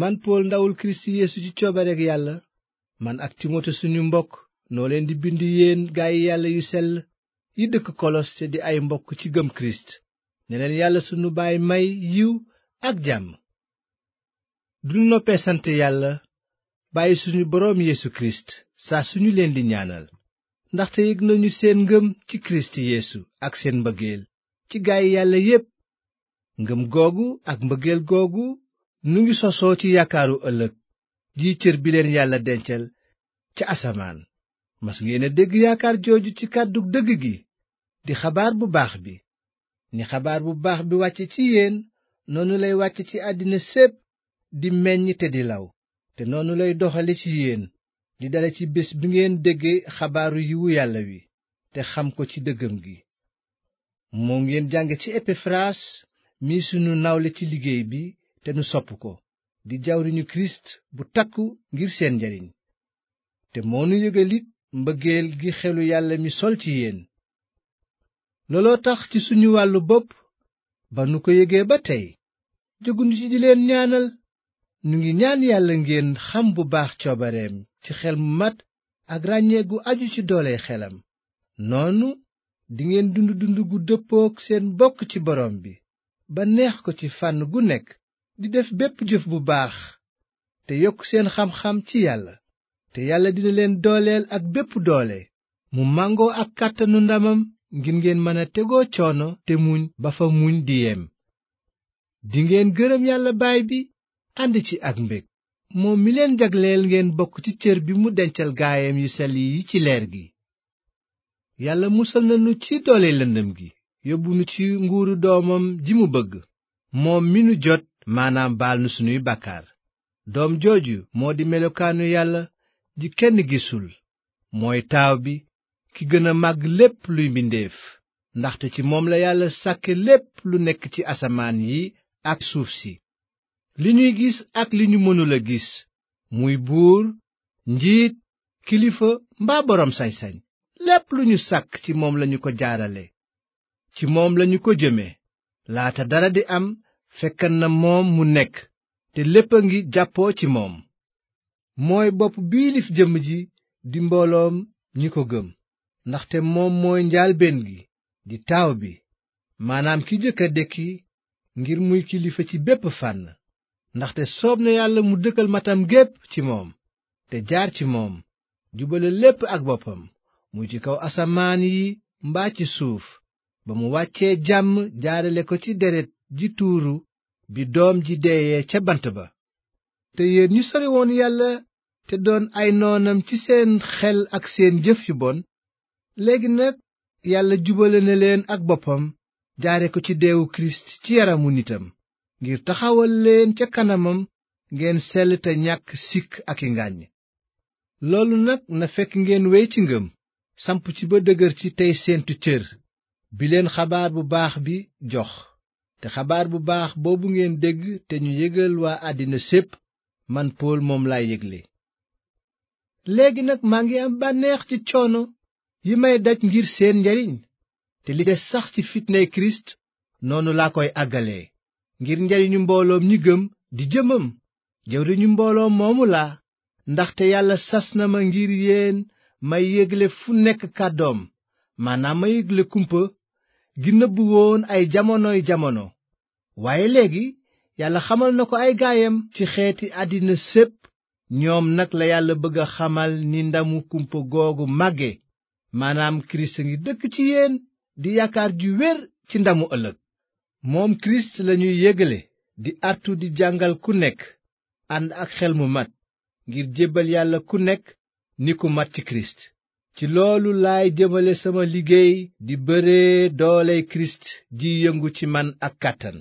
man pool ndawul kirist yéesu ci coobareek yàlla man ak timote suñu mbokk noo leen di bind yéen gaay yàlla yu sell yi dëkk kolos te di ay mbokk ci gëm kirist ne leen yàlla sunu baay may yiw ak jàmm duñu noppee sant yàlla bàyyi suñu boroom yéesu kirist saa suñu leen di ñaanal ndaxte na nañu seen ngëm ci kirist yéesu ak seen mbëggeel ci gaay yàlla yépp ngëm googu ak mbëggeel googu nu ngi sosoo ci yaakaaru ëllëg ji cër bi leen yàlla dencal ca asamaan mas ngeen a dégg yaakaar jooju ci kàddu dëgg gi di xabaar bu baax bi ni xabaar bu baax bi wàcce ci yéen noonu lay wàcce ci àddina sépp di meññ te di law te noonu lay doxale ci yéen di dale ci bés bi ngeen dégge xabaaru yiwu yàlla wi te xam ko ci dëggam gi moo ngeen jànge ci epafaraas mi sunu nawle ci liggéey bi te nu sopp ko di jawriñu kirist bu takku ngir seen njariñ te moo nu yëgalit mbëggeel gi xelu yàlla mi sol ci yéen looloo tax ci suñu wàllu bopp ba nu ko yëgee ba tey jóguñu ci di leen ñaanal ñu ngi ñaan yàlla ngeen xam bu baax coobareem ci xel mu mat ak ràññee gu aju ci doole xelam noonu dingeen dund dund gu dëppook seen bokk ci borom bi ba neex ko ci fànn gu nekk di def bépp jëf bu baax te yokk seen xam-xam ci yàlla te yàlla dina leen dooleel ak bépp doole mu màngoo ak kàttanu ndamam ngir ngeen mën a tegoo coono te muñ ba fa muñ di yem dingeen gërëm yàlla baay bi ànd ci ak mbég moom mi leen jagleel ngeen bokk ci cër bi mu dencal gaayam yi sell yi ci leer gi yàlla musal nanu ci doole lëndëm gi yóbbu nu ci nguuru doomam ji mu bëgg moom mi nu jot maanaam baal nu sunuy bàkkaar doom jooju moo di melokaanu yàlla ji kenn gisul mooy taaw bi ki gëna a màgg lépp luy mbindeef ndaxte ci moom la yàlla sàkke lépp lu nekk ci asamaan yi ak suuf si li ñuy gis ak li ñu mënul a gis muy buur njiit kilifa mbaa boroom sañ lépp lu ñu sàkk ci moom lañu ko jaarale ci moom lañu ko jëme laata dara di am fekkan na moom mu nekk te lépp a ngi jàppoo ci moom mooy bopp biilif jëmm ji di mbooloom ñi ko gëm ndaxte moom mooy njaalbeen gi di taaw bi maanaam ki jëkk a dekki ngir muy kilifa ci bépp fànn ndaxte soob na yàlla mu dëkkal matam gépp ci moom te jaar ci moom jubale lépp ak boppam muy ci kaw asamaan yi mbaa ci suuf ba mu wàccee jàmm jaarale ko ci deret jituuru bi doom ji deeyee ca bant ba te yéen ñu sori woon yàlla te doon ay noonam ci seen xel ak seen jëf yu bon léegi nag yàlla jubale na leen ak boppam jaare ko ci deewu kirist ci yaramu nitam ngir taxawal leen ca kanamam ngeen sell te ñàkk sikk ak i ngàññ loolu nag na fekk ngeen wey ci ngëm samp ci ba dëgër ci tey seentu cër bi leen xabaar bu baax bi jox te xabaar bu baax boobu ngeen dégg te ñu yëgal waa àddina sépp man Pool moom laay yëgle léegi nag maa ngi am bànneex ci coono yi may daj ngir seen njariñ te li des sax ci fitnay Kirist noonu laa koy àggalee ngir njariñu mbooloom ñi gëm di jëmmam jëwriñu mbooloo moomu laa ndaxte yàlla sas na ma ngir yéen may yégle fu nekk kàddoom maanaam ma yégle kumpa gi nëbbu woon ay jamonoy jamono waaye léegi yàlla xamal na ko ay gaayam ci xeeti àddina sépp ñoom nag la yàlla bëgg a xamal ni ndamu kumpa googu màgge maanaam kirist ngi dëkk ci yéen di yaakaar ju wér ci ndamu ëllëg moom kirist lañuy yégale di artu di jàngal ku nekk ànd ak xel mu mat ngir jébbal yàlla ku nekk ni ku mat ci kirist ci loolu laay jëmale sama liggéey di bëree doole kirist ji yëngu ci man ak kàttan